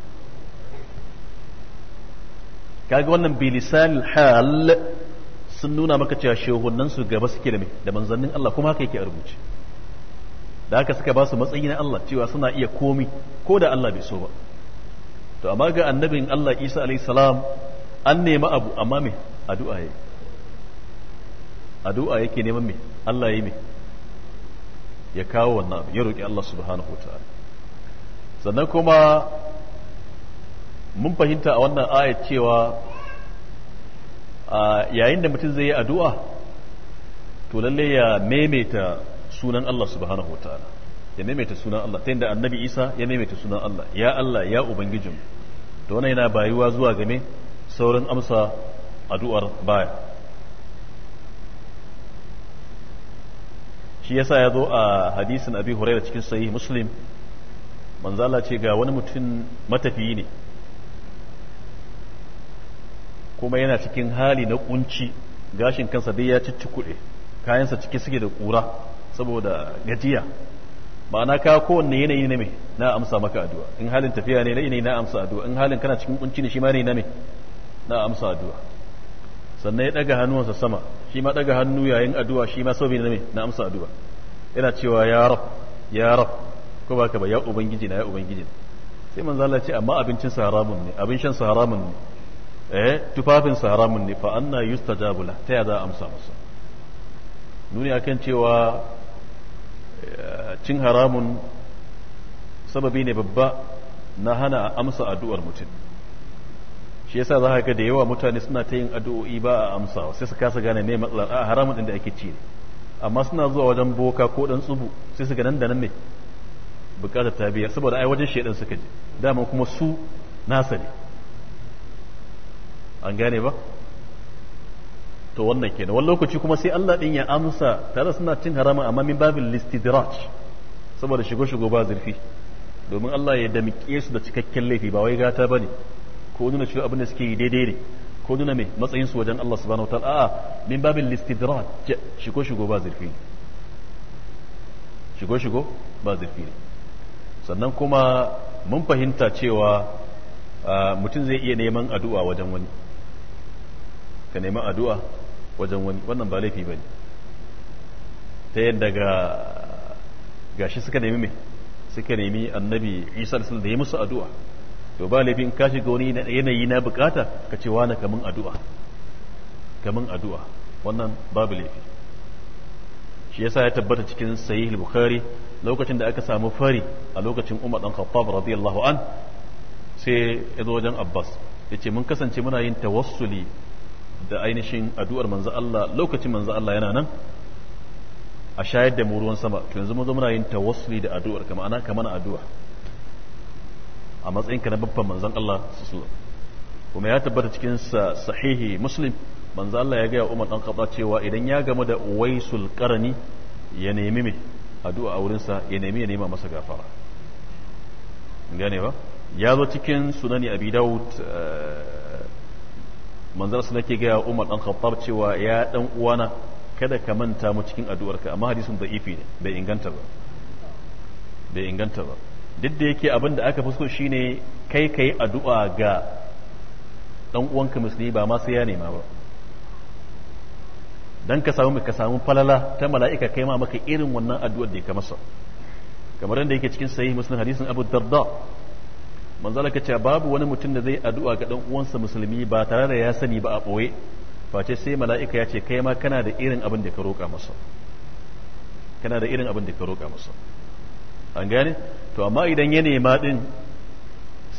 kaga wannan bilisan hal sun nuna maka cewa shehunansu gaba suke da da manzannin Allah kuma haka yake a rubuce da haka suka ba su matsayi na Allah cewa suna iya komi ko da Allah bai so ba to amma ga annabin Allah Isa alaihi salam an nemi abu amma me addu'a yake addu'a yake neman me Allah yayi me ya kawo wannan abu ya roki Allah subhanahu wataala sannan kuma mun fahimta a wannan ayat cewa yayin da mutum zai yi addu'a to lalle ya maimaita sunan Allah subhanahu wataala ya maimaita sunan Allah ta yadda annabi Isa ya maimaita sunan Allah ya Allah ya ubangijinmu da wannan yana bayuwa zuwa game saurin amsa addu'ar baya shi yasa ya zo a hadisin abi huraira cikin sahih muslim manzala ce ga wani mutum matafiyi ne kuma yana cikin hali na kunci gashin kansa dai ya cicci kuɗe kayansa cike suke da ƙura saboda gajiya ma'ana ka kowanne yanayi na me na amsa maka addu'a in halin tafiya ne na yanayi na amsa addu'a in halin kana cikin kunci ne shi ma ne na me na amsa addu'a sannan ya daga hannuwansa sama shi ma daga hannu yayin addu'a shi ma saubi na me na amsa addu'a yana cewa ya rab ya rab ko baka ba ya ubangiji na ya ubangiji sai manzo Allah ya ce amma abincin sa haramun ne abin shan sa haramun ne eh tufafin sa haramun ne fa anna yustajabu ta ya za amsa masa nuni akan cewa cin haramun sababi ne babba na hana amsa addu'ar mutum shi yasa za ka ga da yawa mutane suna ta yin addu'o'i ba a amsawa sai su kasa gane ne matsalar a haramun din da ake ci amma suna zuwa wajen boka ko dan tsubu sai su ga nan da nan ne bukatar ta biya saboda ai wajen shedan suka je dama kuma su nasa ne an gane ba to wannan ke da wani lokaci kuma sai Allah din ya amsa tare suna cin harama amma min babin listidraj saboda shigo shigo ba zurfi domin Allah ya damike su da cikakken laifi ba wai gata bane ko nuna cewa abin da suke yi daidai ne ko nuna mai matsayin su wajen Allah subhanahu wataala a'a min babin listidraj shigo shigo ba zurfi shigo shigo ba zurfi ne sannan kuma mun fahimta cewa mutum zai iya neman addu'a wajen wani ka nemi addu'a wajen wani wannan ba laifi ba ne ta yadda ga gashi suka nemi mai suka nemi annabi isa da da ya musu addu'a to ba in ka shiga wani yanayi na bukata ka ce wani kamun addu'a kamun addu'a wannan babu laifi shi yasa ya tabbata cikin sahih bukhari lokacin da aka samu fari a lokacin umar dan khattab radiyallahu an sai ya zo wajen abbas ya ce mun kasance muna yin tawassuli da ainihin addu'ar manzo Allah lokacin manzo Allah yana nan a shayar da mu ruwan sama to yanzu mun zo muna yin tawassuli da addu'ar kamar ana kamar addu'a a matsayin ka na babban manzon Allah sallallahu kuma ya tabbata cikin sahihi muslim manzo Allah ya gaya Umar dan Khattab cewa idan ya gamu da waisul Qarni ya nemi mai addu'a a wurin sa ya nemi ya nema masa gafara gane ya zo cikin sunani Abi Dawud eh, manzar su nake gaya umar dan khattab cewa ya dan uwana kada ka manta mu cikin addu'arka amma hadisin da ifi ne bai inganta ba bai inganta ba duk da yake abin da aka fi so shine kai kai addu'a ga dan uwanka musulmi ba ma sai ya nema ba dan ka samu ka samu falala ta mala'ika kai ma maka irin wannan addu'ar da ya masa kamar yadda yake cikin sahih muslim hadisin abu darda manzala ka ce babu wani mutum da zai addu'a ga dan uwansa musulmi ba tare da ya sani ba a boye face sai mala'ika ya ce kai ma kana da irin abin da ka roƙa masa kana da irin abin da ka roƙa masa an gane to amma idan ya nema din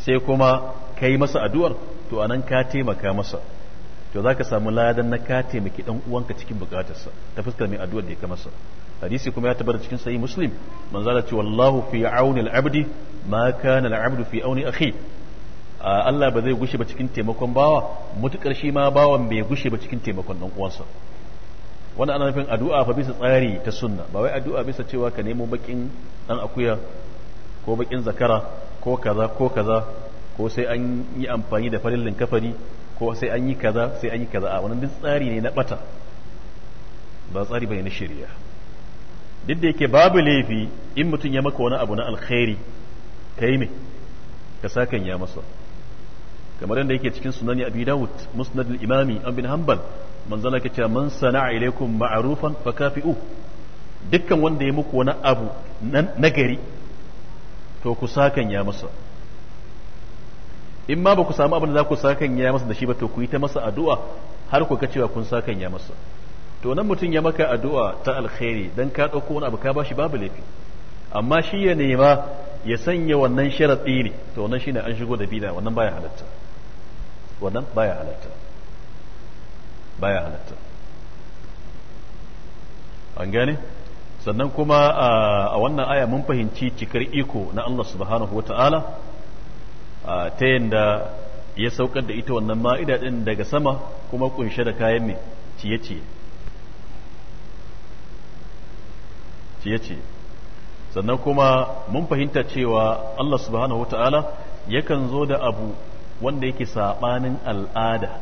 sai kuma kai masa addu'ar to anan ka taimaka masa to za ka samu ladan na ka taimaki dan uwanka cikin bukatarsa ta fuskar mai addu'ar da ya kamasa hadisi kuma ya tabbata cikin sahih muslim manzo Allah ce wallahu fi auni al-abdi ma kana al-abdu fi auni akhi Allah ba zai gushe ba cikin taimakon bawa mutukar shi ma bawan bai gushe ba cikin taimakon dan uwansa wannan ana nufin addu'a fa bisa tsari ta sunna ba wai addu'a bisa cewa ka nemo bakin dan akuya ko bakin zakara ko kaza ko kaza ko sai an yi amfani da farin linkafari ko sai an yi kaza sai an yi kaza a wani tsari ne na bata ba tsari bane na shari'a duk da yake babu laifi in mutum ya maka wani abu na alkhairi kai me ka sakan ya masa kamar yadda yake cikin sunani abi dawud musnad al-imami an bin hanbal manzala ka cewa man sana'a ilaikum ma'rufan fakafi'u dukkan wanda ya muku wani abu nagari to ku sakan ya masa in ma ba ku samu abin da za ku sakan ya masa da shi ba to ku yi ta masa addu'a har ku ga cewa kun sakan ya masa to nan mutum ya maka addu'a ta alkhairi dan ka dauko wani abu ka bashi babu laifi amma shi ya nema ya sanya wannan sharadi ne to wannan shine an shigo da bida wannan baya halatta wannan baya halatta baya halatta an gane sannan kuma a wannan aya mun fahimci cikar iko na Allah subhanahu wataala ta yadda ya saukar da ita wannan ma'ida din daga sama kuma kunshe da kayan mai ciye-ciye ciye-ciye sannan kuma mun fahimta cewa Allah subhanahu wa ta'ala yakan zo da abu wanda yake saɓanin al'ada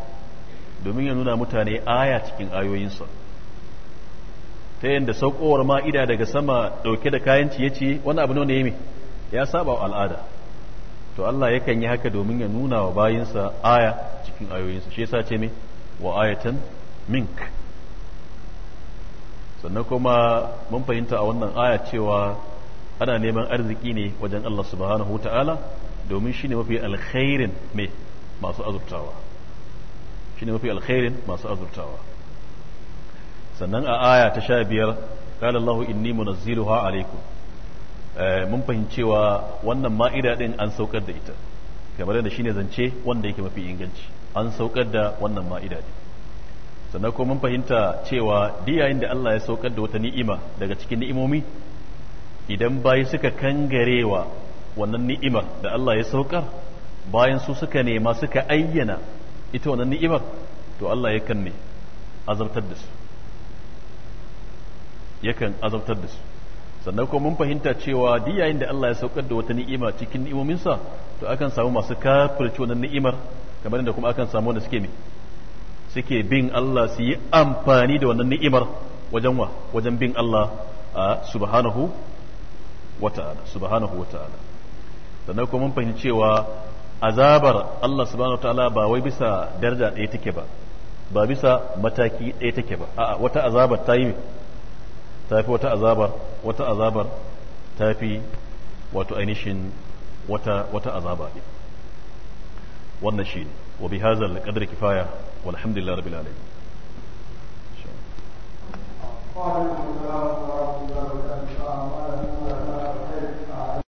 domin ya nuna mutane aya cikin ayoyinsa ta yadda saukowar ma'ida daga sama ɗauke da kayan ciye-ciye wani abu ne ya saba al'ada to Allah yakan yi haka domin ya nuna wa bayinsa aya cikin ayoyinsa shi yasa ce me wa ayatan mink sannan kuma mun fahimta a wannan aya cewa ana neman arziki ne wajen Allah subhanahu ta'ala domin shine mafi alkhairin me masu azurtawa shine mafi alkhairin masu azurtawa sannan a aya ta sha biyar قال الله إني منزلها عليكم Eh, mun fahimcewa wannan ma'ida din an saukar da ita kamar yadda shine zance wanda yake mafi inganci an saukar da wannan ma'ida din sannan kuma mun fahimta cewa duk da Allah ya saukar da wata ni'ima daga cikin ni'imomi idan bayi suka kangarewa wannan ni'imar da Allah ya saukar bayan su suka nema suka ayyana ita wannan ni'imar to Allah yakan ne azabtar da su yakan azabtar da su sannan kuma mun fahimta cewa duk yayin da Allah ya saukar da wata ni'ima cikin ni'imominsa to akan samu masu kafirce wannan ni'imar kamar yadda kuma akan samu wanda suke ne suke bin Allah su yi amfani da wannan ni'imar wajen wa wajen bin Allah subhanahu wa ta'ala subhanahu wa ta'ala sannan kuma mun fahimci cewa azabar Allah subhanahu wa ta'ala ba wai bisa daraja ɗaya take ba ba bisa mataki ɗaya take ba a'a wata azabar ta yi ta fi wata azabar wata azabar ta fi wato ainihin wata wata azaba ne wannan shi ne wa bi hazal qadri kifaya walhamdulillahi rabbil alamin